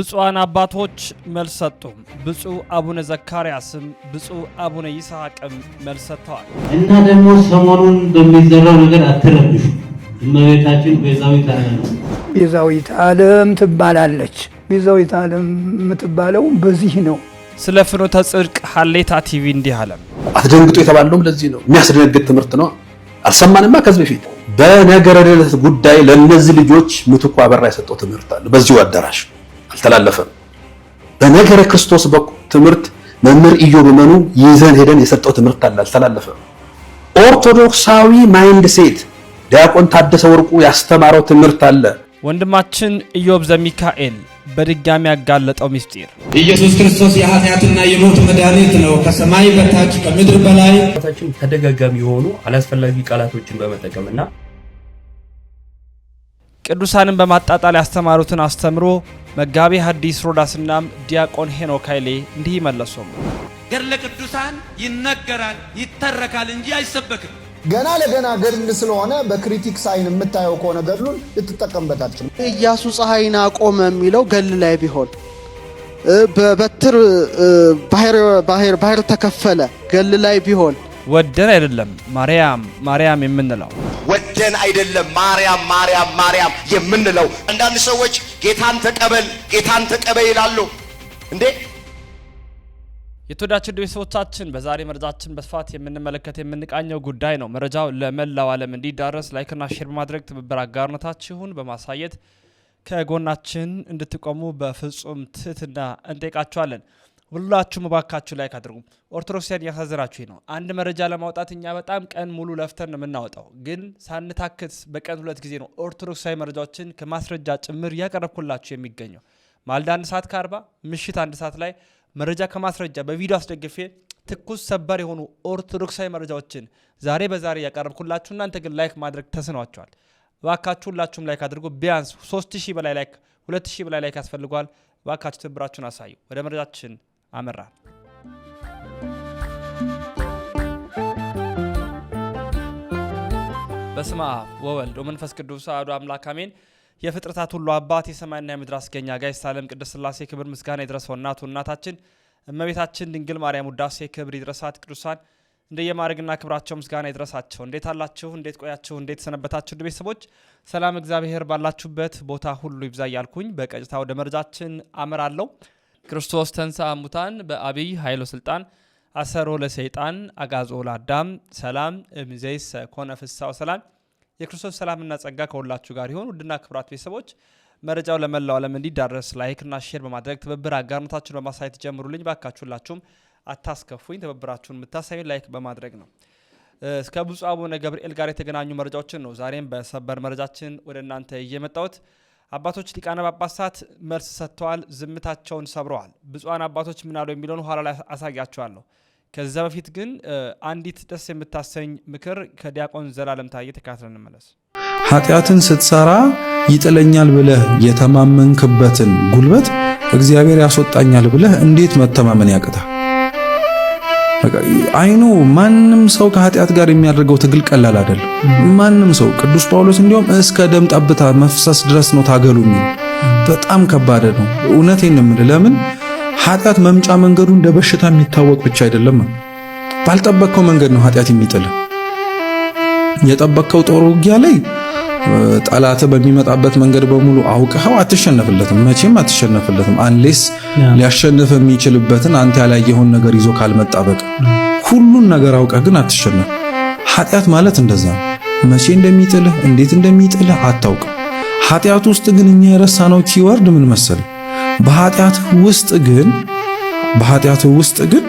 ብፁዓን አባቶች መልስ ሰጡ። ብፁዕ አቡነ ዘካርያስም ብፁዕ አቡነ ይስሐቅም መልስ ሰጥተዋል። እና ደግሞ ሰሞኑን በሚዘራው ነገር አትረብሹ። እመቤታችን ቤዛዊት ዓለም ቤዛዊት ዓለም ትባላለች። ቤዛዊት ዓለም የምትባለው በዚህ ነው። ስለ ፍኖተ ጽድቅ ሀሌታ ቲቪ እንዲህ አለም። አትደንግጡ የተባለውም ለዚህ ነው። የሚያስደነግጥ ትምህርት ነው። አልሰማንማ ከዚህ በፊት በነገረ ድኅነት ጉዳይ ለእነዚህ ልጆች ምትኩ አበራ የሰጠው ትምህርት አለ በዚሁ አዳራሽ አልተላለፈም። በነገረ ክርስቶስ በኩል ትምህርት መምህር ኢዮብ መኑ ይዘን ሄደን የሰጠው ትምህርት አለ፣ አልተላለፈም። ኦርቶዶክሳዊ ማይንድ ሴት ዲያቆን ታደሰ ወርቁ ያስተማረው ትምህርት አለ። ወንድማችን ኢዮብ ዘሚካኤል በድጋሚ ያጋለጠው ምስጢር ኢየሱስ ክርስቶስ የኃጢአትና የሞት መድኃኒት ነው፣ ከሰማይ በታች ከምድር በላይ ታችን ተደጋጋሚ የሆኑ አላስፈላጊ ቃላቶችን በመጠቀምና ቅዱሳንን በማጣጣል ያስተማሩትን አስተምሮ መጋቢ ሐዲስ ሮዳስናም ዲያቆን ሄኖክ ኃይሌ እንዲህ ይመለሱም። ገድለ ቅዱሳን ይነገራል ይተረካል እንጂ አይሰበክም። ገና ለገና ገድል ስለሆነ በክሪቲክ ሳይን የምታየው ከሆነ ገድሉን ልትጠቀምበታችን። እያሱ ፀሐይን አቆመ የሚለው ገድል ላይ ቢሆን በበትር ባህር ተከፈለ ገድል ላይ ቢሆን ወደን አይደለም ማርያም ማርያም የምንለው ወደን አይደለም ማርያም ማርያም ማርያም የምንለው። አንዳንድ ሰዎች ጌታን ተቀበል ጌታን ተቀበል ይላሉ እንዴ። የተወዳችሁ ቤተሰቦቻችን በዛሬ መረጃችን በስፋት የምንመለከት የምንቃኘው ጉዳይ ነው። መረጃው ለመላው ዓለም እንዲዳረስ ላይክና ሼር በማድረግ ትብብር አጋርነታችሁን በማሳየት ከጎናችን እንድትቆሙ በፍጹም ትህትና እንጠይቃችኋለን። ሁላችሁም እባካችሁ ላይክ አድርጉ። ኦርቶዶክሲያን እያሳዘናችሁ ነው። አንድ መረጃ ለማውጣት እኛ በጣም ቀን ሙሉ ለፍተን የምናወጣው፣ ግን ሳንታክት በቀን ሁለት ጊዜ ነው ኦርቶዶክሳዊ መረጃዎችን ከማስረጃ ጭምር እያቀረብኩላችሁ የሚገኘው። ማልዳ አንድ ሰዓት ከአርባ ምሽት አንድ ሰዓት ላይ መረጃ ከማስረጃ በቪዲዮ አስደግፌ ትኩስ ሰበር የሆኑ ኦርቶዶክሳዊ መረጃዎችን ዛሬ በዛሬ እያቀረብኩላችሁ እናንተ ግን ላይክ ማድረግ ተስኗቸዋል። እባካችሁ ሁላችሁም ላይክ አድርጉ። ቢያንስ 3000 በላይ ላይክ 2000 በላይ ላይክ ያስፈልጓል። እባካችሁ ትብብራችሁን አሳዩ። ወደ መረጃችን አመራል። በስመ አብ ወወልድ ወመንፈስ ቅዱስ አሐዱ አምላክ አሜን። የፍጥረታት ሁሉ አባት የሰማይና የምድር አስገኛ ጋይስት ዓለም ቅድስት ሥላሴ ክብር ምስጋና የድረሰው እናቱ እናታችን እመቤታችን ድንግል ማርያም ውዳሴ ክብር ይድረሳት። ቅዱሳን እንደየማድረግና ክብራቸው ምስጋና ይድረሳቸው። እንዴት አላችሁ? እንዴት ቆያችሁ? እንዴት ሰነበታችሁ? እንደ ቤተሰቦች ሰላም እግዚአብሔር ባላችሁበት ቦታ ሁሉ ይብዛ እያልኩኝ በቀጥታ ወደ መረጃችን አመራለሁ። ክርስቶስ ተንሳ ሙታን በአብይ ኃይሎ ስልጣን አሰሮ ለሰይጣን አጋዞ ለአዳም ሰላም እምይእዜሰ ኮነ ፍሳው ሰላም። የክርስቶስ ሰላምና ጸጋ ከሁላችሁ ጋር ይሁን። ውድና ክብራት ቤተሰቦች መረጃው ለመላው ዓለም እንዲዳረስ ላይክና ሼር በማድረግ ትብብር አጋርነታችሁን በማሳየት ጀምሩልኝ። ባካችሁላችሁም አታስከፉኝ። ትብብራችሁን የምታሳዩ ላይክ በማድረግ ነው። እስከ ብፁዕ አቡነ ገብርኤል ጋር የተገናኙ መረጃዎችን ነው ዛሬም በሰበር መረጃችን ወደ እናንተ እየመጣሁት አባቶች ሊቃነ ጳጳሳት መልስ ሰጥተዋል፣ ዝምታቸውን ሰብረዋል። ብፁዓን አባቶች ምናሉ የሚለውን ኋላ ላይ አሳያቸዋለሁ። ከዛ በፊት ግን አንዲት ደስ የምታሰኝ ምክር ከዲያቆን ዘላለም ታየ ተካትለን እንመለስ። ኃጢአትን ስትሰራ ይጥለኛል ብለህ የተማመንክበትን ጉልበት እግዚአብሔር ያስወጣኛል ብለህ እንዴት መተማመን ያቅታል? አይኑ ማንም ሰው ከኃጢአት ጋር የሚያደርገው ትግል ቀላል አይደለም። ማንም ሰው ቅዱስ ጳውሎስ እንዲሁም እስከ ደም ጠብታ መፍሰስ ድረስ ነው ታገሉ የሚል በጣም ከባድ ነው። እውነቴን የምልህ ለምን ኃጢአት መምጫ መንገዱ እንደ በሽታ የሚታወቅ ብቻ አይደለም። ባልጠበቅከው መንገድ ነው ኃጢአት የሚጥል የጠበቅከው ጦር ውጊያ ላይ ጠላት በሚመጣበት መንገድ በሙሉ አውቀኸው አትሸነፍለትም፣ መቼም አትሸነፍለትም። አንሌስ ሊያሸንፍ የሚችልበትን አንተ ያላየኸውን ነገር ይዞ ካልመጣ በቅ ሁሉን ነገር አውቀህ ግን አትሸነፍ። ኃጢአት ማለት እንደዛ ነው። መቼ እንደሚጥልህ እንዴት እንደሚጥልህ አታውቅም። ኃጢአት ውስጥ ግን እኛ የረሳነው ኪወርድ ምን መሰል፣ በኃጢአት ውስጥ ግን በኃጢአት ውስጥ ግን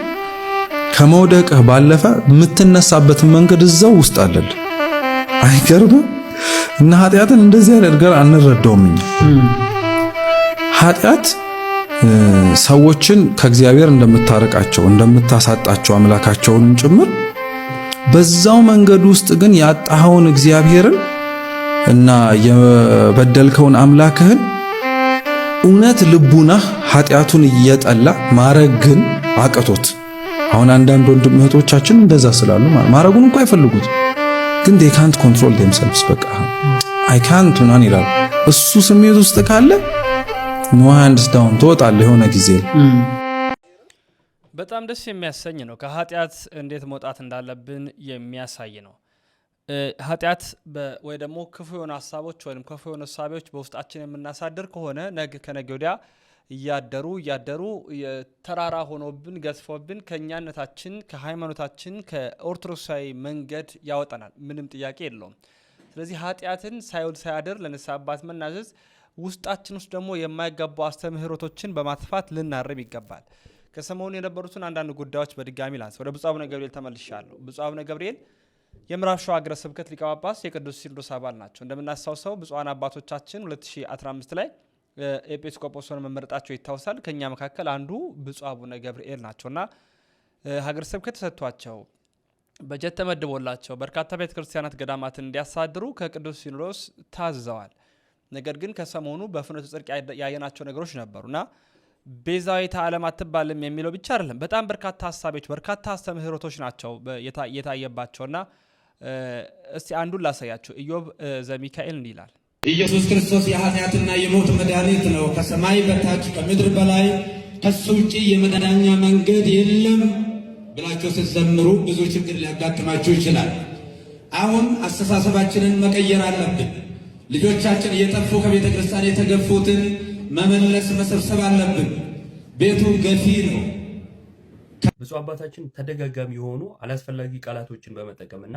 ከመውደቅህ ባለፈ የምትነሳበትን መንገድ እዛው ውስጥ አለልህ። አይገርምም? እና ኃጢአትን እንደዚህ አይነት ነገር አንረዳውም። ኃጢአት ሰዎችን ከእግዚአብሔር እንደምታርቃቸው እንደምታሳጣቸው አምላካቸውንም ጭምር በዛው መንገድ ውስጥ ግን ያጣኸውን እግዚአብሔርን እና የበደልከውን አምላክህን እውነት ልቡናህ ኃጢአቱን እየጠላ ማረግ ግን አቅቶት አሁን አንዳንድ ወንድም እህቶቻችን እንደዛ ስላሉ ማረጉን እንኳ አይፈልጉት። ግን ዴ ካንት ኮንትሮል ዴምሰልቭስ በቃ አይ ካንት ምናምን ይላሉ። እሱ ስሜት ውስጥ ካለ ኖ ሃንድስ ዳውን ትወጣለህ የሆነ ጊዜ በጣም ደስ የሚያሰኝ ነው። ከኃጢአት እንዴት መውጣት እንዳለብን የሚያሳይ ነው። ኃጢአት ወይ ደግሞ ክፉ የሆነ ሀሳቦች ወይም ክፉ የሆነ ሳቢዎች በውስጣችን የምናሳድር ከሆነ ነግ ከነገ ወዲያ እያደሩ እያደሩ ተራራ ሆኖብን ገዝፎብን ከእኛነታችን ከሃይማኖታችን ከኦርቶዶክሳዊ መንገድ ያወጠናል ምንም ጥያቄ የለውም። ስለዚህ ኃጢአትን ሳይውል ሳያድር ለንስሐ አባት መናዘዝ፣ ውስጣችን ውስጥ ደግሞ የማይገቡ አስተምህሮቶችን በማጥፋት ልናርም ይገባል። ከሰሞኑ የነበሩትን አንዳንድ ጉዳዮች በድጋሚ ላንስ። ወደ ብፁዕ አቡነ ገብርኤል ተመልሻለሁ። ብፁዕ አቡነ ገብርኤል የምዕራብ ሸዋ ሀገረ ስብከት ሊቀ ጳጳስ የቅዱስ ሲኖዶስ አባል ናቸው። እንደምናስታውሰው ብፁዓን አባቶቻችን 2015 ላይ ኤጲስቆጶስን ሆነው መመረጣቸው ይታወሳል። ከእኛ መካከል አንዱ ብፁዕ አቡነ ገብርኤል ናቸውና ሀገረ ስብከት ተሰጥቷቸው በጀት ተመድቦላቸው በርካታ ቤተ ክርስቲያናት ገዳማትን እንዲያሳድሩ ከቅዱስ ሲኖዶስ ታዘዋል። ነገር ግን ከሰሞኑ በፍኖተ ጽድቅ ያየናቸው ነገሮች ነበሩና ቤዛዊተ ዓለም አትባልም የሚለው ብቻ አይደለም። በጣም በርካታ ሀሳቦች፣ በርካታ አስተምህሮቶች ናቸው የታየባቸውና እስቲ አንዱን ላሳያቸው። ኢዮብ ዘሚካኤል እንዲህ ይላል ኢየሱስ ክርስቶስ የኃጢአትና የሞት መድኃኒት ነው። ከሰማይ በታች ከምድር በላይ ከሱ ውጭ የመዳኛ መንገድ የለም ብላችሁ ስትዘምሩ ብዙ ችግር ሊያጋጥማችሁ ይችላል። አሁን አስተሳሰባችንን መቀየር አለብን። ልጆቻችን እየጠፉ ከቤተ ክርስቲያን የተገፉትን መመለስ መሰብሰብ አለብን። ቤቱ ገፊ ነው። ብፁዕ አባታችን ተደጋጋሚ የሆኑ አላስፈላጊ ቃላቶችን በመጠቀምና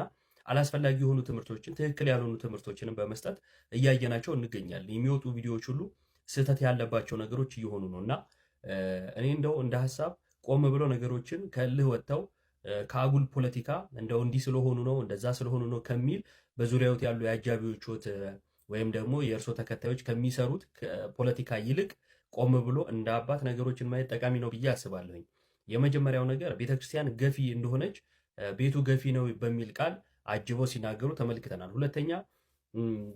አላስፈላጊ የሆኑ ትምህርቶችን ትክክል ያልሆኑ ትምህርቶችንም በመስጠት እያየናቸው እንገኛለን። የሚወጡ ቪዲዮዎች ሁሉ ስህተት ያለባቸው ነገሮች እየሆኑ ነው እና እኔ እንደው እንደ ሀሳብ ቆም ብለው ነገሮችን ከልህ ወጥተው ከአጉል ፖለቲካ እንደው እንዲህ ስለሆኑ ነው እንደዛ ስለሆኑ ነው ከሚል በዙሪያዎት ያሉ የአጃቢዎችዎት ወይም ደግሞ የእርሶ ተከታዮች ከሚሰሩት ፖለቲካ ይልቅ ቆም ብሎ እንደ አባት ነገሮችን ማየት ጠቃሚ ነው ብዬ አስባለሁኝ። የመጀመሪያው ነገር ቤተክርስቲያን ገፊ እንደሆነች ቤቱ ገፊ ነው በሚል ቃል አጅበው ሲናገሩ ተመልክተናል። ሁለተኛ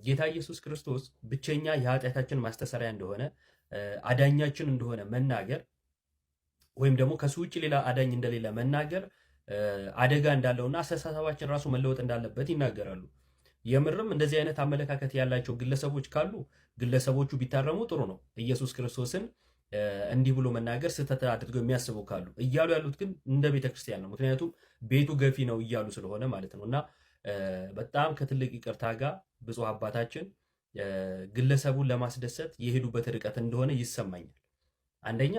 ጌታ ኢየሱስ ክርስቶስ ብቸኛ የኃጢአታችን ማስተሰሪያ እንደሆነ አዳኛችን እንደሆነ መናገር ወይም ደግሞ ከሱ ውጭ ሌላ አዳኝ እንደሌለ መናገር አደጋ እንዳለውና አስተሳሰባችን ራሱ መለወጥ እንዳለበት ይናገራሉ። የምርም እንደዚህ አይነት አመለካከት ያላቸው ግለሰቦች ካሉ ግለሰቦቹ ቢታረሙ ጥሩ ነው። ኢየሱስ ክርስቶስን እንዲህ ብሎ መናገር ስህተት አድርገው የሚያስቡ ካሉ እያሉ ያሉት ግን እንደ ቤተክርስቲያን ነው። ምክንያቱም ቤቱ ገፊ ነው እያሉ ስለሆነ ማለት ነው እና በጣም ከትልቅ ይቅርታ ጋር ብፁዕ አባታችን ግለሰቡን ለማስደሰት የሄዱበት ርቀት እንደሆነ ይሰማኛል። አንደኛ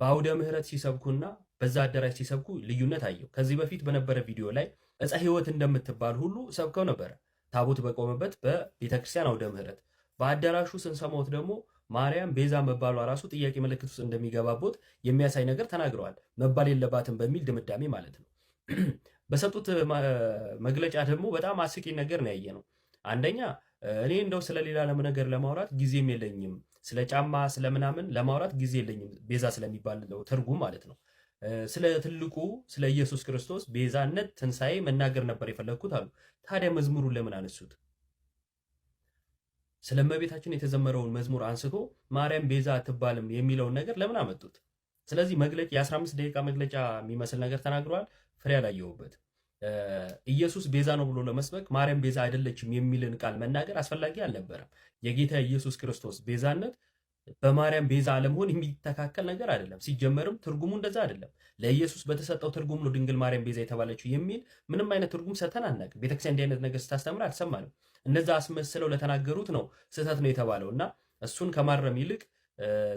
በአውደ ምሕረት ሲሰብኩና በዛ አዳራሽ ሲሰብኩ ልዩነት አየው። ከዚህ በፊት በነበረ ቪዲዮ ላይ እፀ ሕይወት እንደምትባል ሁሉ ሰብከው ነበረ፣ ታቦት በቆመበት በቤተክርስቲያን አውደ ምሕረት። በአዳራሹ ስንሰማዎት ደግሞ ማርያም ቤዛ መባሏ ራሱ ጥያቄ ምልክት ውስጥ እንደሚገባቦት የሚያሳይ ነገር ተናግረዋል። መባል የለባትም በሚል ድምዳሜ ማለት ነው። በሰጡት መግለጫ ደግሞ በጣም አስቂ ነገር ነው ያየ ነው። አንደኛ እኔ እንደው ስለ ሌላ ነገር ለማውራት ጊዜም የለኝም፣ ስለ ጫማ ስለ ምናምን ለማውራት ጊዜ የለኝም፣ ቤዛ ስለሚባለው ትርጉም ማለት ነው። ስለ ትልቁ ስለ ኢየሱስ ክርስቶስ ቤዛነት ትንሣኤ መናገር ነበር የፈለግኩት አሉ። ታዲያ መዝሙሩን ለምን አነሱት? ስለ እመቤታችን የተዘመረውን መዝሙር አንስቶ ማርያም ቤዛ አትባልም የሚለውን ነገር ለምን አመጡት? ስለዚህ መግለጫ የ15 ደቂቃ መግለጫ የሚመስል ነገር ተናግረዋል። ፍሬ አላየሁበት። ኢየሱስ ቤዛ ነው ብሎ ለመስበክ ማርያም ቤዛ አይደለችም የሚልን ቃል መናገር አስፈላጊ አልነበረም። የጌታ ኢየሱስ ክርስቶስ ቤዛነት በማርያም ቤዛ አለመሆን የሚተካከል ነገር አይደለም። ሲጀመርም ትርጉሙ እንደዛ አይደለም። ለኢየሱስ በተሰጠው ትርጉም ነው ድንግል ማርያም ቤዛ የተባለችው የሚል ምንም አይነት ትርጉም ሰተን አናውቅም። ቤተክርስቲያን እንዲህ አይነት ነገር ስታስተምር አልሰማንም። እነዛ አስመስለው ለተናገሩት ነው ስህተት ነው የተባለው እና እሱን ከማረም ይልቅ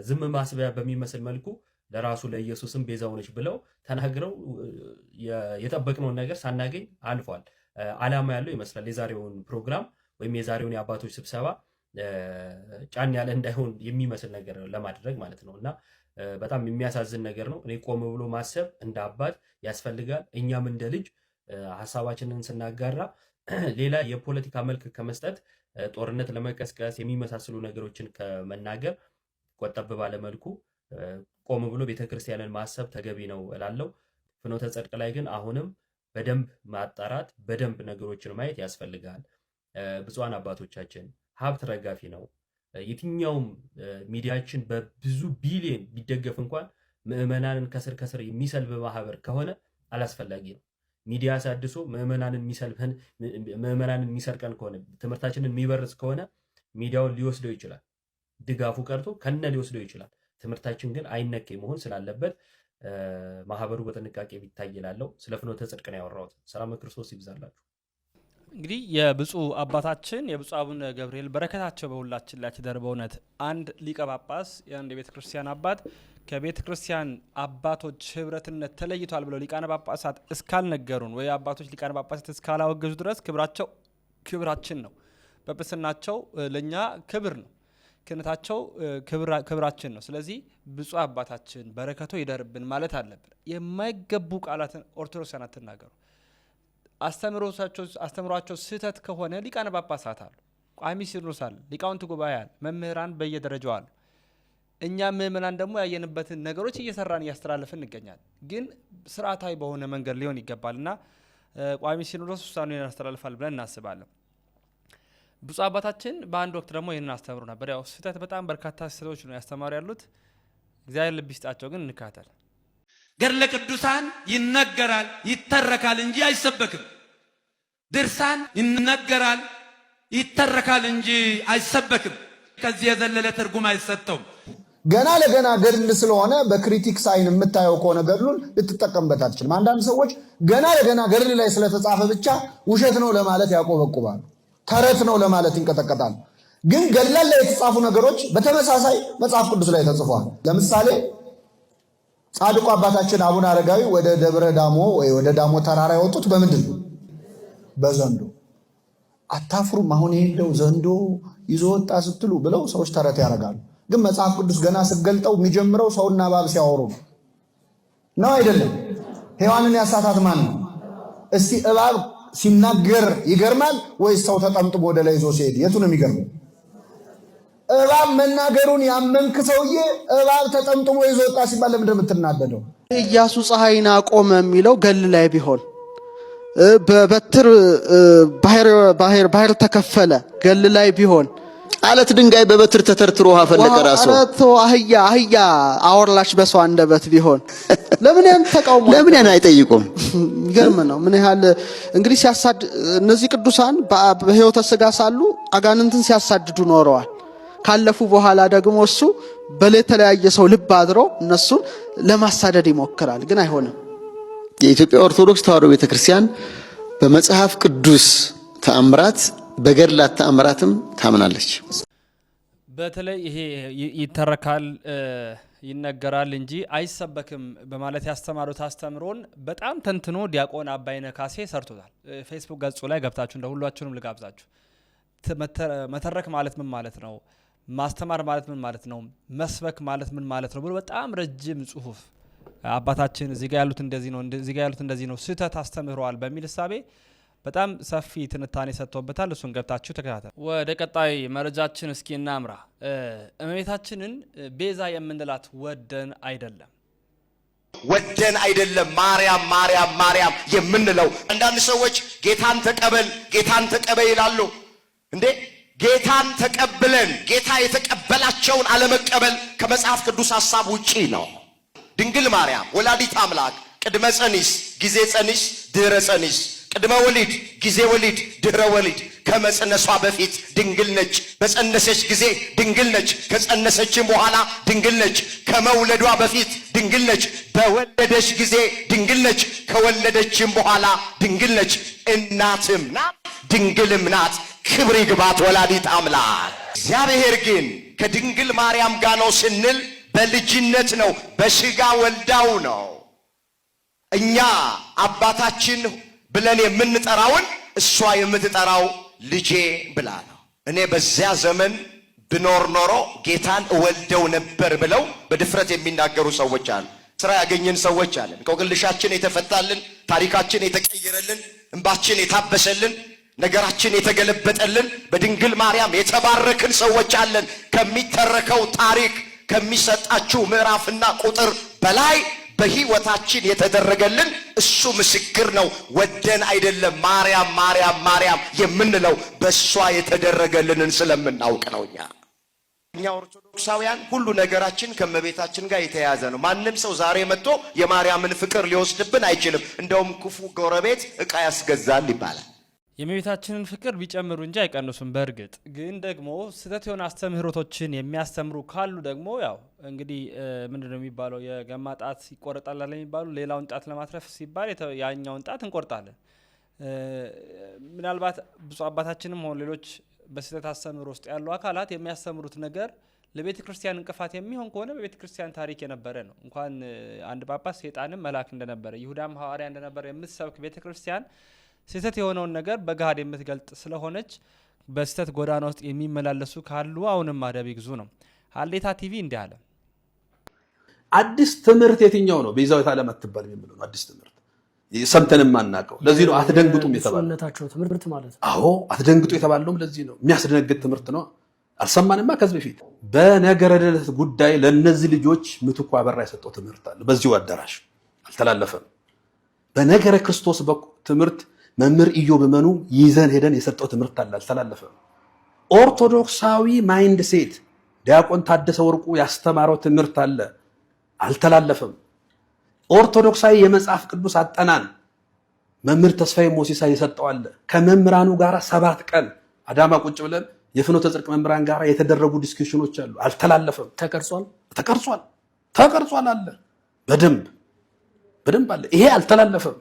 ዝም ማስበያ በሚመስል መልኩ ለራሱ ለኢየሱስም ቤዛው ነች ብለው ተናግረው የጠበቅነውን ነገር ሳናገኝ አልፏል። ዓላማ ያለው ይመስላል። የዛሬውን ፕሮግራም ወይም የዛሬውን የአባቶች ስብሰባ ጫን ያለ እንዳይሆን የሚመስል ነገር ለማድረግ ማለት ነው እና በጣም የሚያሳዝን ነገር ነው። እኔ ቆም ብሎ ማሰብ እንደ አባት ያስፈልጋል። እኛም እንደ ልጅ ሀሳባችንን ስናጋራ ሌላ የፖለቲካ መልክ ከመስጠት ጦርነት ለመቀስቀስ የሚመሳስሉ ነገሮችን ከመናገር ቆጠብ ባለመልኩ ቆም ብሎ ቤተክርስቲያንን ማሰብ ተገቢ ነው እላለሁ። ፍኖተ ጽድቅ ላይ ግን አሁንም በደንብ ማጣራት፣ በደንብ ነገሮችን ማየት ያስፈልጋል። ብፁዓን አባቶቻችን ሀብት ረጋፊ ነው። የትኛውም ሚዲያችን በብዙ ቢሊዮን ቢደገፍ እንኳን ምዕመናንን ከስር ከስር የሚሰልብ ማህበር ከሆነ አላስፈላጊ ነው። ሚዲያ አሳድሶ ምዕመናንን የሚሰርቀን ከሆነ ትምህርታችንን የሚበርስ ከሆነ ሚዲያውን ሊወስደው ይችላል። ድጋፉ ቀርቶ ከነ ሊወስደው ይችላል። ትምህርታችን ግን አይነኬ መሆን ስላለበት ማህበሩ በጥንቃቄ ቢታይ እላለሁ። ስለ ፍኖተ ጽድቅ ነው ያወራሁት። ሰላም ክርስቶስ ይብዛላችሁ። እንግዲህ የብፁ አባታችን የብፁ አቡነ ገብርኤል በረከታቸው በሁላችን ላይ ይደር። በእውነት አንድ ሊቀ ጳጳስ የአንድ የቤተ ክርስቲያን አባት ከቤተ ክርስቲያን አባቶች ህብረትነት ተለይቷል ብለው ሊቃነ ጳጳሳት እስካልነገሩን ወይ አባቶች ሊቃነ ጳጳሳት እስካላወገዙ ድረስ ክብራቸው ክብራችን ነው። ጵጵስናቸው ለእኛ ክብር ነው። ክህነታቸው ክብራችን ነው። ስለዚህ ብፁዕ አባታችን በረከቶ ይደርብን ማለት አለብን። የማይገቡ ቃላትን ኦርቶዶክሳውያን አትናገሩ። አስተምሯቸው ስህተት ከሆነ ሊቃነ ጳጳሳት አሉ፣ ቋሚ ሲኖዶስ አለ፣ ሊቃውንት ጉባኤ አለ፣ መምህራን በየደረጃው አሉ። እኛ ምእመናን ደግሞ ያየንበትን ነገሮች እየሰራን እያስተላለፍን እንገኛለን። ግን ስርዓታዊ በሆነ መንገድ ሊሆን ይገባልና ቋሚ ሲኖዶስ ውሳኔውን ያስተላልፋል ብለን እናስባለን። ብፁ አባታችን በአንድ ወቅት ደግሞ ይህንን አስተምሩ ነበር። ያው ስህተት በጣም በርካታ ስህተቶች ነው ያስተማሩ ያሉት። እግዚአብሔር ልብ ይስጣቸው። ግን እንካተል ገድለ ቅዱሳን ይነገራል ይተረካል እንጂ አይሰበክም። ድርሳን ይነገራል ይተረካል እንጂ አይሰበክም። ከዚህ የዘለለ ትርጉም አይሰጠውም። ገና ለገና ገድል ስለሆነ በክሪቲክ አይን የምታየው ከሆነ ገድሉን ልትጠቀምበት አትችልም። አንዳንድ ሰዎች ገና ለገና ገድል ላይ ስለተጻፈ ብቻ ውሸት ነው ለማለት ያቆበቁባሉ። ተረት ነው ለማለት ይንቀጠቀጣል። ግን ገላል ላይ የተጻፉ ነገሮች በተመሳሳይ መጽሐፍ ቅዱስ ላይ ተጽፏል። ለምሳሌ ጻድቁ አባታችን አቡነ አረጋዊ ወደ ደብረ ዳሞ ወይ ወደ ዳሞ ተራራ የወጡት በምንድን ነው? በዘንዶ። አታፍሩም? አሁን የለው ዘንዶ ይዞ ወጣ ስትሉ ብለው ሰዎች ተረት ያደርጋሉ። ግን መጽሐፍ ቅዱስ ገና ስትገልጠው የሚጀምረው ሰውና እባብ ሲያወሩ ነው። አይደለም? ሔዋንን ያሳታት ማን ነው? እስቲ እባብ ሲናገር ይገርማል ወይስ ሰው ተጠምጥሞ ወደ ላይ ይዞ ሲሄድ የቱ ነው የሚገርመው? እባብ መናገሩን ያመንክ ሰውዬ እባብ ተጠምጥሞ ይዞ ወጣ ሲባል ለምንድን ነው የምትናደደው? ፀሐይና ፀሐይን አቆመ የሚለው ገል ላይ ቢሆን በበትር ባህር ተከፈለ ገል ላይ ቢሆን አለት ድንጋይ በበትር ተተርትሮ ውሃ ፈለቀ። ራሱ አለት አህያ አህያ አወርላች በሷ አንደበት ቢሆን ለምን ያን ተቃውሞ ለምን ያን አይጠይቁም? ገርም ነው። ምን ያህል እንግዲህ ሲያሳድ እነዚህ ቅዱሳን በሕይወተ ሥጋ ሳሉ አጋንንትን ሲያሳድዱ ኖረዋል። ካለፉ በኋላ ደግሞ እሱ በተለያየ ሰው ልብ አድሮ እነሱን ለማሳደድ ይሞክራል፣ ግን አይሆንም። የኢትዮጵያ ኦርቶዶክስ ተዋህዶ ቤተክርስቲያን በመጽሐፍ ቅዱስ ተአምራት በገድላት ተአምራትም ታምናለች። በተለይ ይሄ ይተረካል ይነገራል እንጂ አይሰበክም በማለት ያስተማሩት አስተምሮን በጣም ተንትኖ ዲያቆን አባይነ ካሴ ሰርቶታል። ፌስቡክ ገጹ ላይ ገብታችሁ እንደ ሁላችሁንም ልጋብዛችሁ። መተረክ ማለት ምን ማለት ነው? ማስተማር ማለት ምን ማለት ነው? መስበክ ማለት ምን ማለት ነው ብሎ በጣም ረጅም ጽሁፍ አባታችን እዚጋ ያሉት እንደዚህ ነው፣ እዚጋ ያሉት እንደዚህ ነው፣ ስህተት አስተምረዋል በሚል እሳቤ በጣም ሰፊ ትንታኔ ሰጥቶበታል። እሱን ገብታችሁ ተከታተል። ወደ ቀጣይ መረጃችን እስኪ እናምራ። እመቤታችንን ቤዛ የምንላት ወደን አይደለም ወደን አይደለም። ማርያም ማርያም ማርያም የምንለው አንዳንድ ሰዎች ጌታን ተቀበል ጌታን ተቀበል ይላሉ። እንዴ ጌታን ተቀብለን ጌታ የተቀበላቸውን አለመቀበል ከመጽሐፍ ቅዱስ ሐሳብ ውጪ ነው። ድንግል ማርያም ወላዲት አምላክ ቅድመ ጸኒስ ጊዜ ጸኒስ ድረ ጸኒስ ቅድመ ወሊድ፣ ጊዜ ወሊድ፣ ድህረ ወሊድ ከመጽነሷ በፊት ድንግል ነች። በጸነሰች ጊዜ ድንግል ነች። ከጸነሰችም በኋላ ድንግል ነች። ከመውለዷ በፊት ድንግል ነች። በወለደች ጊዜ ድንግል ነች። ከወለደችም በኋላ ድንግል ነች። እናትም ናት ድንግልም ናት። ክብር ይግባት ወላዲት አምላክ። እግዚአብሔር ግን ከድንግል ማርያም ጋር ነው ስንል በልጅነት ነው፣ በሥጋ ወልዳው ነው። እኛ አባታችን ብለን የምንጠራውን እሷ የምትጠራው ልጄ ብላ ነው። እኔ በዚያ ዘመን ብኖር ኖሮ ጌታን እወልደው ነበር ብለው በድፍረት የሚናገሩ ሰዎች አሉ። ስራ ያገኘን ሰዎች አለን። ቆቅልሻችን የተፈታልን፣ ታሪካችን የተቀየረልን፣ እንባችን የታበሰልን፣ ነገራችን የተገለበጠልን፣ በድንግል ማርያም የተባረክን ሰዎች አለን። ከሚተረከው ታሪክ ከሚሰጣችሁ ምዕራፍና ቁጥር በላይ በህይወታችን የተደረገልን እሱ ምስክር ነው። ወደን አይደለም ማርያም ማርያም ማርያም የምንለው በእሷ የተደረገልንን ስለምናውቅ ነው። እኛ እኛ ኦርቶዶክሳውያን ሁሉ ነገራችን ከእመቤታችን ጋር የተያያዘ ነው። ማንም ሰው ዛሬ መጥቶ የማርያምን ፍቅር ሊወስድብን አይችልም። እንደውም ክፉ ጎረቤት ዕቃ ያስገዛል ይባላል። የእመቤታችንን ፍቅር ቢጨምሩ እንጂ አይቀንሱም። በእርግጥ ግን ደግሞ ስህተት የሆነ አስተምህሮቶችን የሚያስተምሩ ካሉ ደግሞ ያው እንግዲህ ምንድነው የሚባለው የገማ ጣት ይቆረጣላል የሚባሉ ሌላውን ጣት ለማትረፍ ሲባል ያኛውን ጣት እንቆርጣለን። ምናልባት ብፁዕ አባታችንም ሆኑ ሌሎች በስህተት አስተምህሮ ውስጥ ያሉ አካላት የሚያስተምሩት ነገር ለቤተ ክርስቲያን እንቅፋት የሚሆን ከሆነ በቤተ ክርስቲያን ታሪክ የነበረ ነው። እንኳን አንድ ጳጳስ ሴጣንም መልአክ እንደነበረ ይሁዳም ሐዋርያ እንደነበረ የምትሰብክ ቤተ ክርስቲያን ስህተት የሆነውን ነገር በገሃድ የምትገልጥ ስለሆነች በስህተት ጎዳና ውስጥ የሚመላለሱ ካሉ አሁንም አደብ ይግዙ ነው። ሀሌታ ቲቪ እንዲህ አለ። አዲስ ትምህርት የትኛው ነው? ቤዛዊት ዓለም አትባልም የሚለው ነው። አዲስ ትምህርት ሰምተን የማናውቀው ለዚህ ነው አትደንግጡም የተባለው። አዎ አትደንግጡ የተባለውም ለዚህ ነው። የሚያስደነግጥ ትምህርት ነው። አልሰማንማ ከዚህ በፊት በነገረ ድነት ጉዳይ ለእነዚህ ልጆች ምትኩ አበራ የሰጠው ትምህርት አለ። በዚሁ አዳራሽ አልተላለፈም። በነገረ ክርስቶስ ትምህርት መምህር ኢዮብ መኑ ይዘን ሄደን የሰጠው ትምህርት አላስተላለፈ። ኦርቶዶክሳዊ ማይንድ ሴት ዲያቆን ታደሰ ወርቁ ያስተማረው ትምህርት አለ አልተላለፈም። ኦርቶዶክሳዊ የመጽሐፍ ቅዱስ አጠናን መምህር ተስፋዬ ሞሲሳ የሰጠው አለ። ከመምህራኑ ጋር ሰባት ቀን አዳማ ቁጭ ብለን የፍኖተ ጽድቅ መምህራን ጋር የተደረጉ ዲስኩሽኖች አሉ። አልተላለፈም። ተቀርጿል ተቀርጿል ተቀርጿል አለ በደንብ በደንብ አለ። ይሄ አልተላለፈም።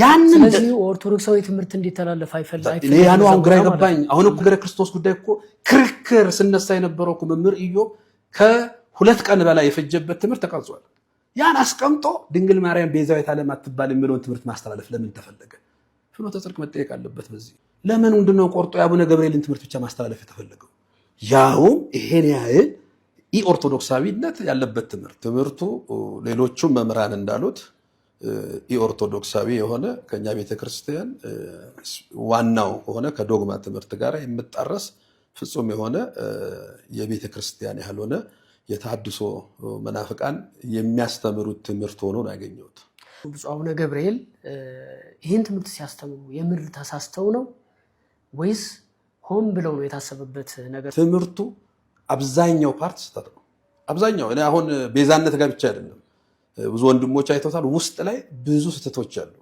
ያንን ኦርቶዶክሳዊ ትምህርት እንዲተላለፍ አይፈልግም። ያ አሁን ግራ የገባኝ። አሁን እኮ ክርስቶስ ጉዳይ እኮ ክርክር ስነሳ የነበረው መምህር ከሁለት ቀን በላይ የፈጀበት ትምህርት ተቀርጿል። ያን አስቀምጦ ድንግል ማርያም ቤዛዊት ዓለም አትባል የሚለውን ትምህርት ማስተላለፍ ለምን ተፈለገ? ፍኖተ ጽድቅ መጠየቅ አለበት። በዚህ ለምን ምንድነው ቆርጦ የአቡነ ገብርኤልን ትምህርት ብቻ ማስተላለፍ የተፈለገው? ያውም ይሄን ያህል ኢ ኦርቶዶክሳዊነት ያለበት ትምህርት ትምህርቱ ሌሎቹም መምህራን እንዳሉት ኢኦርቶዶክሳዊ የሆነ ከኛ ቤተክርስቲያን ዋናው ከሆነ ከዶግማ ትምህርት ጋር የምጣረስ ፍጹም የሆነ የቤተክርስቲያን ያልሆነ የተሃድሶ መናፍቃን የሚያስተምሩት ትምህርት ሆኖ ነው ያገኘሁት። ብፁዕ አቡነ ገብርኤል ይህን ትምህርት ሲያስተምሩ የምር ተሳስተው ነው ወይስ ሆን ብለው ነው የታሰበበት ነገር? ትምህርቱ አብዛኛው ፓርት ስህተት ነው። አብዛኛው እኔ አሁን ቤዛነት ጋር ብቻ አይደለም ብዙ ወንድሞች አይተውታል። ውስጥ ላይ ብዙ ስህተቶች አሉ።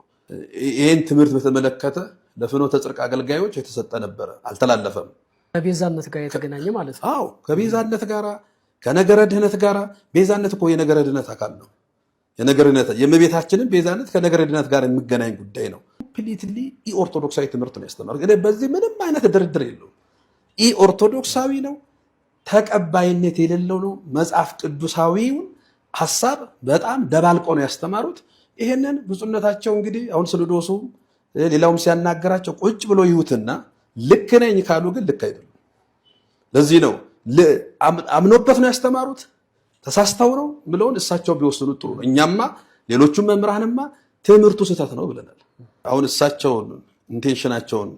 ይህን ትምህርት በተመለከተ ለፍኖተ ጽድቅ አገልጋዮች የተሰጠ ነበረ፣ አልተላለፈም። ከቤዛነት ጋር የተገናኘ ማለት ነው። አዎ ከቤዛነት ጋር ከነገረ ድህነት ጋር ቤዛነት እኮ የነገረ ድህነት አካል ነው። የነገረ ድህነት የእመቤታችንን ቤዛነት ከነገረ ድህነት ጋር የሚገናኝ ጉዳይ ነው። ኮምፕሊትሊ ኦርቶዶክሳዊ ትምህርት ነው ያስተማሩት። በዚህ ምንም አይነት ድርድር ኢ ኦርቶዶክሳዊ ነው፣ ተቀባይነት የሌለው ነው። መጽሐፍ ቅዱሳዊውን ሀሳብ በጣም ደባልቆ ነው ያስተማሩት። ይህንን ብፁዕነታቸው እንግዲህ አሁን ስልዶሱ ሌላውም ሲያናገራቸው ቁጭ ብሎ ይሁትና ልክ ነኝ ካሉ ግን ልክ አይደሉም። ለዚህ ነው አምኖበት ነው ያስተማሩት። ተሳስተው ነው ብለውን እሳቸው ቢወስኑት ጥሩ ነው። እኛማ ሌሎቹም መምህራንማ ትምህርቱ ስህተት ነው ብለናል። አሁን እሳቸውን ኢንቴንሽናቸውን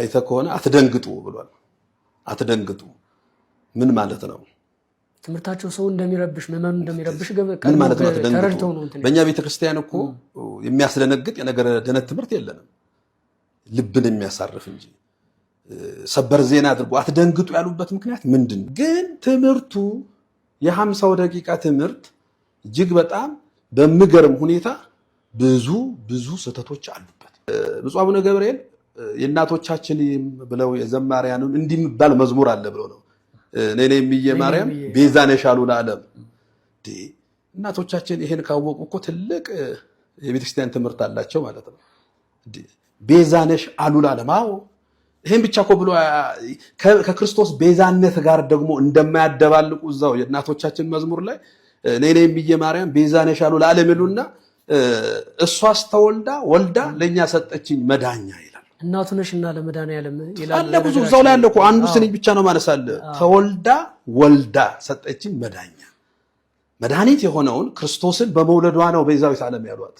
አይተ ከሆነ አትደንግጡ ብሏል። አትደንግጡ ምን ማለት ነው? ትምህርታቸው ሰው እንደሚረብሽ መመኑ እንደሚረብሽ ምን ማለት ነው? ተረድተው ነው። በእኛ ቤተክርስቲያን እኮ የሚያስደነግጥ የነገረ ደነት ትምህርት የለንም፣ ልብን የሚያሳርፍ እንጂ ሰበር ዜና አድርጎ አትደንግጡ ያሉበት ምክንያት ምንድን ነው? ግን ትምህርቱ የሀምሳው ደቂቃ ትምህርት እጅግ በጣም በሚገርም ሁኔታ ብዙ ብዙ ስህተቶች አሉበት። ብፁዕ አቡነ ገብርኤል የእናቶቻችን ብለው የዘማሪያንም እንዲህ የሚባል መዝሙር አለ ብለው ነው ነኔ ብዬ ማርያም ቤዛ ነሻሉ ለዓለም። እናቶቻችን ይሄን ካወቁ እኮ ትልቅ የቤተክርስቲያን ትምህርት አላቸው ማለት ነው። ቤዛ ነሽ አሉ ለዓለም። አዎ ይህን ብቻ እኮ ብሎ ከክርስቶስ ቤዛነት ጋር ደግሞ እንደማያደባልቁ እዛው የእናቶቻችን መዝሙር ላይ ነኔ ብዬ ማርያም ቤዛ ነሽ አሉ ለዓለም ይሉና እሷስ ወልዳ ለእኛ ሰጠችኝ መዳኛ እናቱ ነሽ እና ለመድኃኒዓለም አለ ብዙ እዛው ላይ አለ እኮ አንዱ ስንኝ ብቻ ነው ማነሳለ ተወልዳ ወልዳ ሰጠችኝ መዳኛ መድኃኒት የሆነውን ክርስቶስን በመውለዷ ነው ቤዛዊት ዓለም ያሏት።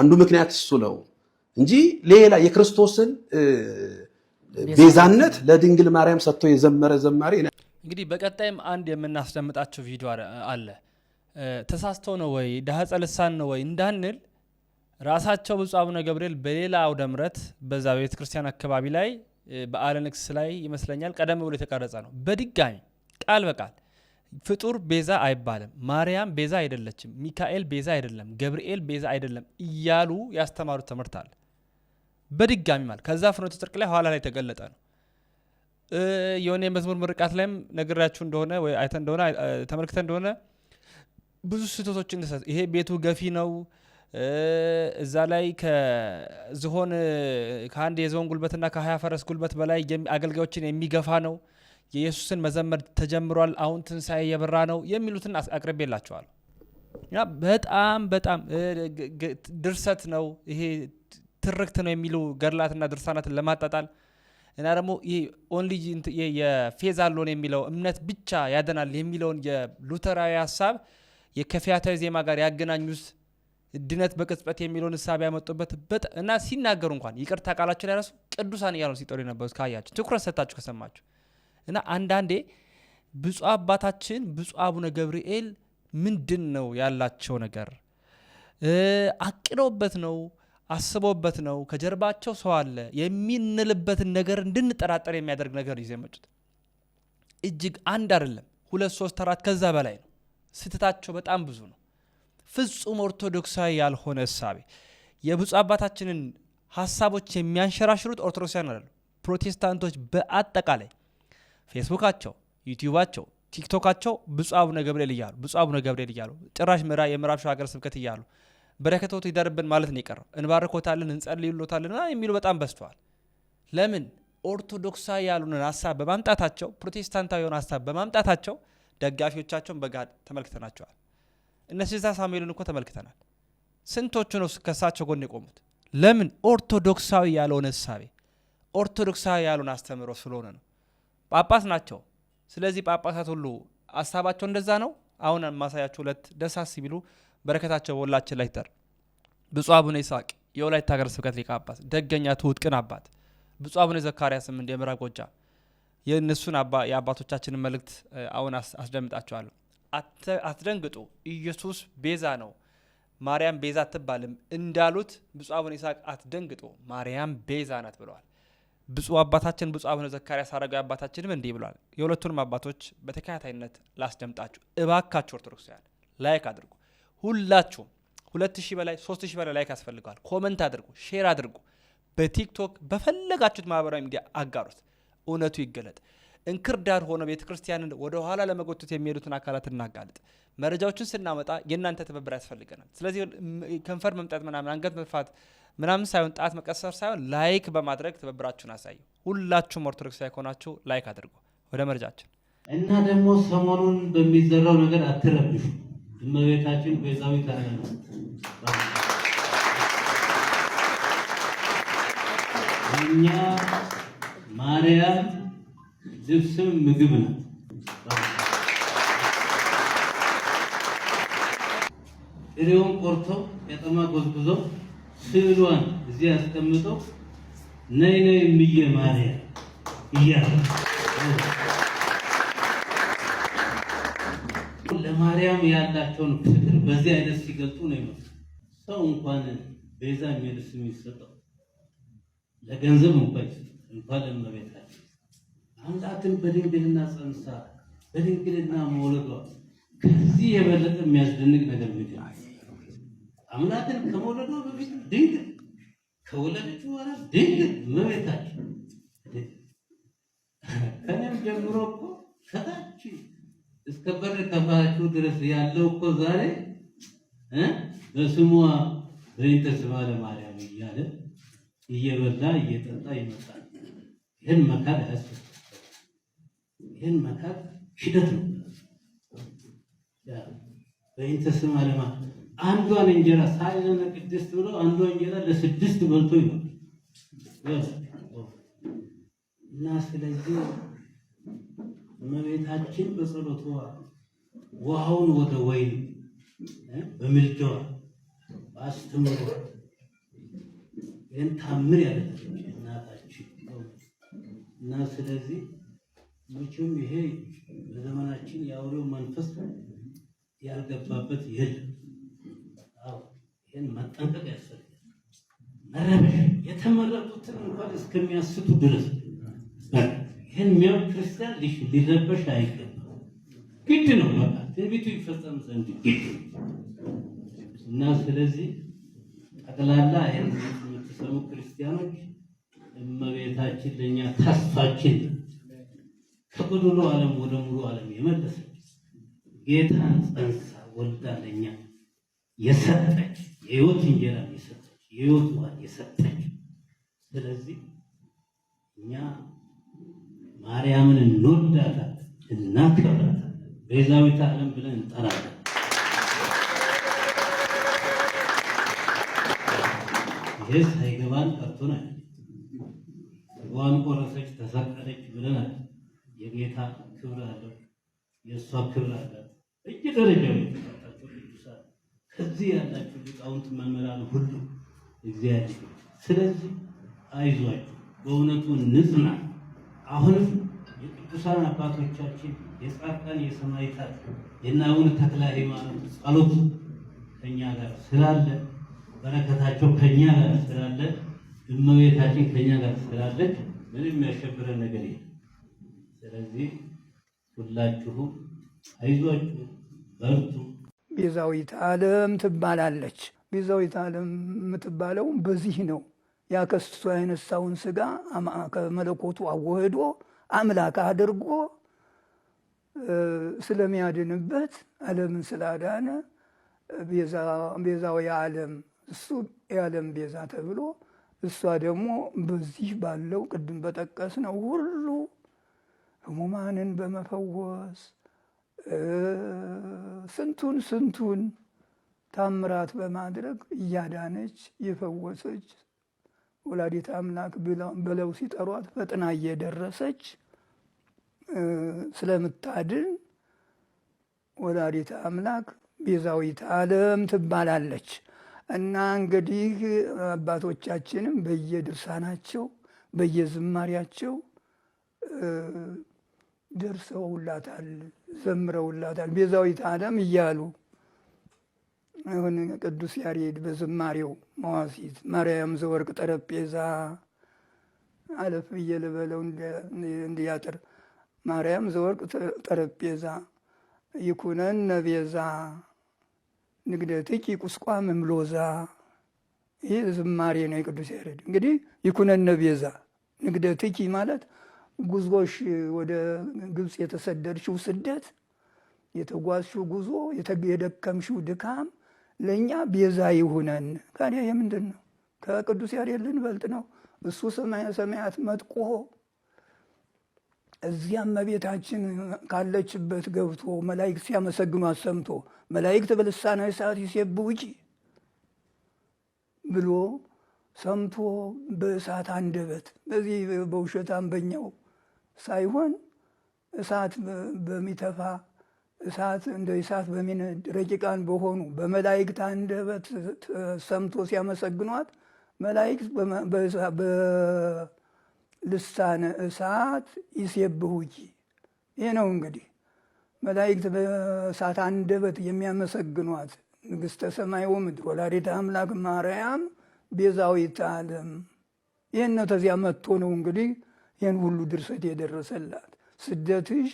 አንዱ ምክንያት እሱ ነው እንጂ ሌላ የክርስቶስን ቤዛነት ለድንግል ማርያም ሰጥቶ የዘመረ ዘማሪ እንግዲህ በቀጣይም አንድ የምናስደምጣቸው ቪዲዮ አለ። ተሳስቶ ነው ወይ ዳህፀ ልሳን ነው ወይ እንዳንል ራሳቸው ብፁዕ አቡነ ገብርኤል በሌላ አውደ ምረት በዛ በቤተ ክርስቲያን አካባቢ ላይ በአለንክስ ላይ ይመስለኛል ቀደም ብሎ የተቀረጸ ነው። በድጋሚ ቃል በቃል ፍጡር ቤዛ አይባልም፣ ማርያም ቤዛ አይደለችም፣ ሚካኤል ቤዛ አይደለም፣ ገብርኤል ቤዛ አይደለም እያሉ ያስተማሩት ትምህርት አለ። በድጋሚ ማለት ከዛ ፍኖተ ጽድቅ ላይ ኋላ ላይ የተገለጠ ነው። የሆነ የመዝሙር ምርቃት ላይም ነግራችሁ እንደሆነ ወይ አይተ እንደሆነ ተመልክተ እንደሆነ ብዙ ስህተቶችን ይሄ ቤቱ ገፊ ነው እዛ ላይ ከዝሆን ከአንድ የዝሆን ጉልበትና ከሀያ ፈረስ ጉልበት በላይ አገልጋዮችን የሚገፋ ነው። የኢየሱስን መዘመር ተጀምሯል። አሁን ትንሣኤ የበራ ነው የሚሉትን አቅርቤላቸዋል። በጣም በጣም ድርሰት ነው ይሄ ትርክት ነው የሚሉ ገድላትና ድርሳናትን ለማጣጣል እና ደግሞ ይህ ኦንሊ የፌዛሎን የሚለው እምነት ብቻ ያደናል የሚለውን የሉተራዊ ሀሳብ የከፊያታዊ ዜማ ጋር ያገናኙት ድነት በቅጽበት የሚለውን እሳቢ ያመጡበት በጣ እና ሲናገሩ እንኳን ይቅርታ ቃላቸው ላይ ራሱ ቅዱሳን እያሉ ሲጠሩ የነበሩት ካያቸው ትኩረት ሰታችሁ ከሰማችሁ እና አንዳንዴ ብፁ አባታችን ብፁ አቡነ ገብርኤል ምንድን ነው ያላቸው ነገር? አቅደውበት ነው አስበውበት ነው ከጀርባቸው ሰው አለ የሚንልበትን ነገር እንድንጠራጠር የሚያደርግ ነገር ይዘው የመጡት እጅግ አንድ አይደለም፣ ሁለት ሶስት አራት ከዛ በላይ ነው። ስህተታቸው በጣም ብዙ ነው። ፍጹም ኦርቶዶክሳዊ ያልሆነ እሳቤ የብፁ አባታችንን ሀሳቦች የሚያንሸራሽሩት ኦርቶዶክሳውያን አሉ። ፕሮቴስታንቶች በአጠቃላይ ፌስቡካቸው፣ ዩቲዩባቸው፣ ቲክቶካቸው ብፁ አቡነ ገብርኤል እያሉ ብፁዕ አቡነ ገብርኤል እያሉ ጭራሽ ምራ የምዕራብ ሸዋ ሀገረ ስብከት እያሉ በረከቶት ይደርብን ማለት ነው የቀረው እንባርኮታለን እንጸልይሎታለን የሚሉ በጣም በዝተዋል። ለምን ኦርቶዶክሳዊ ያልሆነን ሀሳብ በማምጣታቸው ፕሮቴስታንታዊ የሆነ ሀሳብ በማምጣታቸው ደጋፊዎቻቸውን በጋድ ተመልክተናቸዋል። እነ ሲዛ ሳሙኤልን እኮ ተመልክተናል። ስንቶቹ ነው ከሳቸው ጎን የቆሙት? ለምን? ኦርቶዶክሳዊ ያልሆነ እሳቤ፣ ኦርቶዶክሳዊ ያሉን አስተምሮ ስለሆነ ነው። ጳጳስ ናቸው። ስለዚህ ጳጳሳት ሁሉ ሀሳባቸው እንደዛ ነው። አሁን ማሳያቸው ሁለት ደሳስ ቢሉ በረከታቸው በሁላችን ላይ ይደር። ብፁ አቡነ ይስቅ የወላይታ ሀገረ ስብከት ሊቀ ጳጳስ ደገኛ ትውጥቅን ቅን አባት፣ ብፁ አቡነ ዘካርያስ ምንድ የምዕራብ ጎጃ የእነሱን የአባቶቻችንን መልእክት አሁን አስደምጣቸዋለሁ። አትደንግጡ፣ ኢየሱስ ቤዛ ነው፣ ማርያም ቤዛ አትባልም እንዳሉት ብፁዕ አቡነ ይስሐቅ አትደንግጡ፣ ማርያም ቤዛ ናት ብለዋል። ብፁዕ አባታችን ብፁዕ አቡነ ዘካርያስ ሐረጋዊ አባታችንም እንዲህ ብሏል። የሁለቱንም አባቶች በተከታታይነት ላስደምጣችሁ። እባካችሁ ኦርቶዶክሳውያን ላይክ አድርጉ። ሁላችሁም ሁለት ሺህ በላይ ሶስት ሺህ በላይ ላይክ ያስፈልገዋል። ኮመንት አድርጉ፣ ሼር አድርጉ። በቲክቶክ በፈለጋችሁት ማህበራዊ ሚዲያ አጋሩት። እውነቱ ይገለጥ። እንክርዳድ ሆኖ ቤተ ክርስቲያንን ወደኋላ ለመጎተት የሚሄዱትን አካላት እናጋልጥ። መረጃዎችን ስናመጣ የእናንተ ትብብር ያስፈልገናል። ስለዚህ ከንፈር መምጣት ምናምን አንገት መጥፋት ምናምን ሳይሆን ጣት መቀሰር ሳይሆን ላይክ በማድረግ ትብብራችሁን አሳዩ። ሁላችሁም ኦርቶዶክሳዊ ከሆናችሁ ላይክ አድርጉ። ወደ መረጃችን እና ደግሞ ሰሞኑን በሚዘራው ነገር አትረብሹ። እመቤታችን ቤዛዊ ታረነ እኛ ማርያም ልብስም ምግብ ናት። ጥሬውን ቆርተው የጠማ ጎዝጉዘው ስዕሏን እዚህ አስቀምጠው ነይ ነይ እምዬ ማርያም እያለ ለማርያም ያላቸውን ፍቅር በዚህ አይነት ሲገልጡ ነው ይመስል ሰው እንኳን ቤዛ የሚል ስም ይሰጠው ለገንዘብ እንኳን እንኳን ለእመቤታችን አምላክን በድንግልና ጸንሳ በድንግልና መውለዷ ከዚህ የበለጠ የሚያስደንቅ ነገር ምድ አምላክን ከመውለዷ በፊት ድንግል ከወለደች በኋላ ድንግል መቤታችን ከእኔም ጀምሮ እኮ ከታች እስከ በር ከፋችሁ ድረስ ያለው እኮ ዛሬ በስሟ በእንተ ስማ ለማርያም እያለ እየበላ እየጠጣ ይመጣል። ይህን መካድ አያስፈልግም። ይህን መካት ሽደት ነው። በይንተ ስማ ለማ አንዷን እንጀራ ሳይዘነ ቅድስት ብሎ አንዷ እንጀራ ለስድስት በልቶ ይሆናል እና ስለዚህ እመቤታችን በጸሎቷ ውሃውን ወደ ወይን በምልጃዋ በአስተምሯ ይህን ታምር ያደረገች እናታችን እና ስለዚህ መቼም ይሄ በዘመናችን የአውሬው መንፈስ ያልገባበት የለም። ይህን መጠንቀቅ ያስፈልጋል። መረበሽ የተመረጡትን እንኳን እስከሚያስቱ ድረስ ይህን የሚያው ክርስቲያን ሊረበሽ አይገባም። ግድ ነው፣ በቃ ትንቢቱ ይፈጸም ዘንድ ግድ እና ስለዚህ ጠቅላላ ይህን የምትሰሙ ክርስቲያኖች እመቤታችን ለእኛ ተስፋችን ከጎዶሎ ዓለም ወደ ሙሉ ዓለም የመለሰች ጌታን ጸንሳ ወልዳ ለኛ የሰጠች የህይወት እንጀራን የሰጠች የህይወት ውሃን የሰጠች። ስለዚህ እኛ ማርያምን እንወዳታለን፣ እናከብራታለን፣ ቤዛዊት ዓለም ብለን እንጠራለን። ይህ ሳይገባን ቀርቶናል። ስጋዋን ቆረሰች፣ ተሰቀለች ብለናል። የጌታ ክብር አለ፣ የእሷ ክብር አለ በየደረጃው የተቀጣቸው ቅዱሳን ከዚህ ያላችሁ ሊቃውንት መምህራን ሁሉ እግዚአብሔር ስለዚህ አይዟችሁ፣ በእውነቱ ንጽና። አሁንም የቅዱሳን አባቶቻችን የጻድቃን የሰማዕታት የእነ አቡነ ተክለ ሃይማኖት ጸሎት ከኛ ጋር ስላለ በረከታቸው ከኛ ጋር ስላለ እመቤታችን ከኛ ጋር ስላለች ምንም ያሸብረን ነገር የለም። ስለዚህ ሁላችሁም አይዟችሁ በርቱ። ቤዛዊት ዓለም ትባላለች። ቤዛዊት ዓለም የምትባለው በዚህ ነው። ያ ከእሱ ያነሳውን ስጋ ከመለኮቱ አዋህዶ አምላክ አድርጎ ስለሚያድንበት ዓለምን ስላዳነ ቤዛዊ ዓለም እሱ የዓለም ቤዛ ተብሎ እሷ ደግሞ በዚህ ባለው ቅድም በጠቀስ ነው ሁሉ ህሙማንን በመፈወስ ስንቱን ስንቱን ታምራት በማድረግ እያዳነች የፈወሰች ወላዲት አምላክ ብለው ሲጠሯት ፈጥና እየደረሰች ስለምታድን ወላዲት አምላክ ቤዛዊት ዓለም ትባላለች። እና እንግዲህ አባቶቻችንም በየድርሳናቸው በየዝማሪያቸው ደርሰውላታል፣ ዘምረውላታል ቤዛዊት ዓለም እያሉ አሁን ቅዱስ ያሬድ በዝማሬው መዋሲት ማርያም ዘወርቅ ጠረጴዛ አለፍ ብዬ ልበለው እንዲያጥር ማርያም ዘወርቅ ጠረጴዛ ይኩነን ነቤዛ ንግደትኪ ቁስቋም እምሎዛ። ይህ ዝማሬ ነው የቅዱስ ያሬድ። እንግዲህ ይኩነን ነቤዛ ንግደትኪ ማለት ጉዞሽ ወደ ግብፅ የተሰደድሽው ስደት የተጓዝሽው ጉዞ የደከምሽው ድካም ለእኛ ቤዛ ይሁነን። ታዲያ የምንድን ነው? ከቅዱስ ያሬድ ልንበልጥ ነው? እሱ ሰማያት መጥቆ እዚያም እመቤታችን ካለችበት ገብቶ መላእክት ሲያመሰግኑ አሰምቶ መላእክት በልሳናዊ ሰዓት ይሴብ ውጪ ብሎ ሰምቶ በእሳት አንደበት በዚህ በውሸት አንበኛው ሳይሆን እሳት በሚተፋ እሳት እንደ እሳት በሚነድ ረቂቃን በሆኑ በመላይክት አንደበት ሰምቶ ሲያመሰግኗት መላይክት በልሳነ እሳት ይሴብሁኪ። ይህ ነው እንግዲህ መላይክት በእሳት አንደበት የሚያመሰግኗት ንግሥተ ሰማይ ወምድር ወላዲተ አምላክ ማርያም ቤዛዊተ ዓለም። ይህን ነው ተዚያ መጥቶ ነው እንግዲህ ይህን ሁሉ ድርሰት የደረሰላት ስደትሽ፣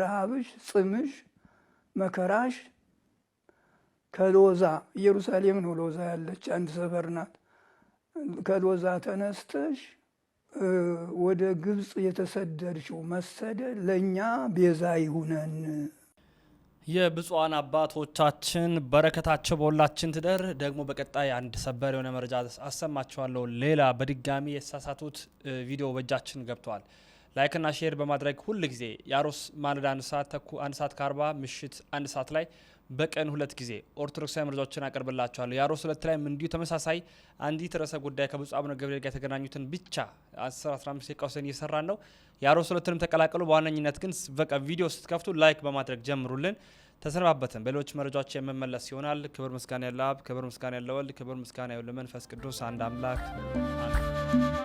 ረሃብሽ፣ ጽምሽ፣ መከራሽ ከሎዛ ኢየሩሳሌም ነው ሎዛ ያለች አንድ ሰፈር ናት። ከሎዛ ተነስተሽ ወደ ግብፅ የተሰደድሽው መሰደድ ለእኛ ቤዛ ይሁነን። የብፁዓን አባቶቻችን በረከታቸው በሁላችን ትደር። ደግሞ በቀጣይ አንድ ሰበር የሆነ መረጃ አሰማችኋለሁ። ሌላ በድጋሚ የተሳሳቱት ቪዲዮ በእጃችን ገብተዋል። ላይክና ሼር በማድረግ ሁል ጊዜ የአሮስ ማለዳ አንድ ሰዓት ከአርባ ምሽት አንድ ሰዓት ላይ በቀን ሁለት ጊዜ ኦርቶዶክሳዊ መረጃዎችን አቀርብላቸዋለሁ። የአሮስ ሁለት ላይም እንዲሁ ተመሳሳይ አንዲት ርዕሰ ጉዳይ ከብፁዕ አቡነ ገብርኤል ጋር የተገናኙትን ብቻ 15 ቀውሰን እየሰራን ነው። የአሮስ ሁለትንም ተቀላቀሉ። በዋነኝነት ግን በቃ ቪዲዮ ስትከፍቱ ላይክ በማድረግ ጀምሩልን። ተሰነባበትን። በሌሎች መረጃዎች የምመለስ ይሆናል። ክብር ምስጋና አብ፣ ክብር ምስጋና ወልድ፣ ክብር ምስጋና መንፈስ ቅዱስ አንድ አምላክ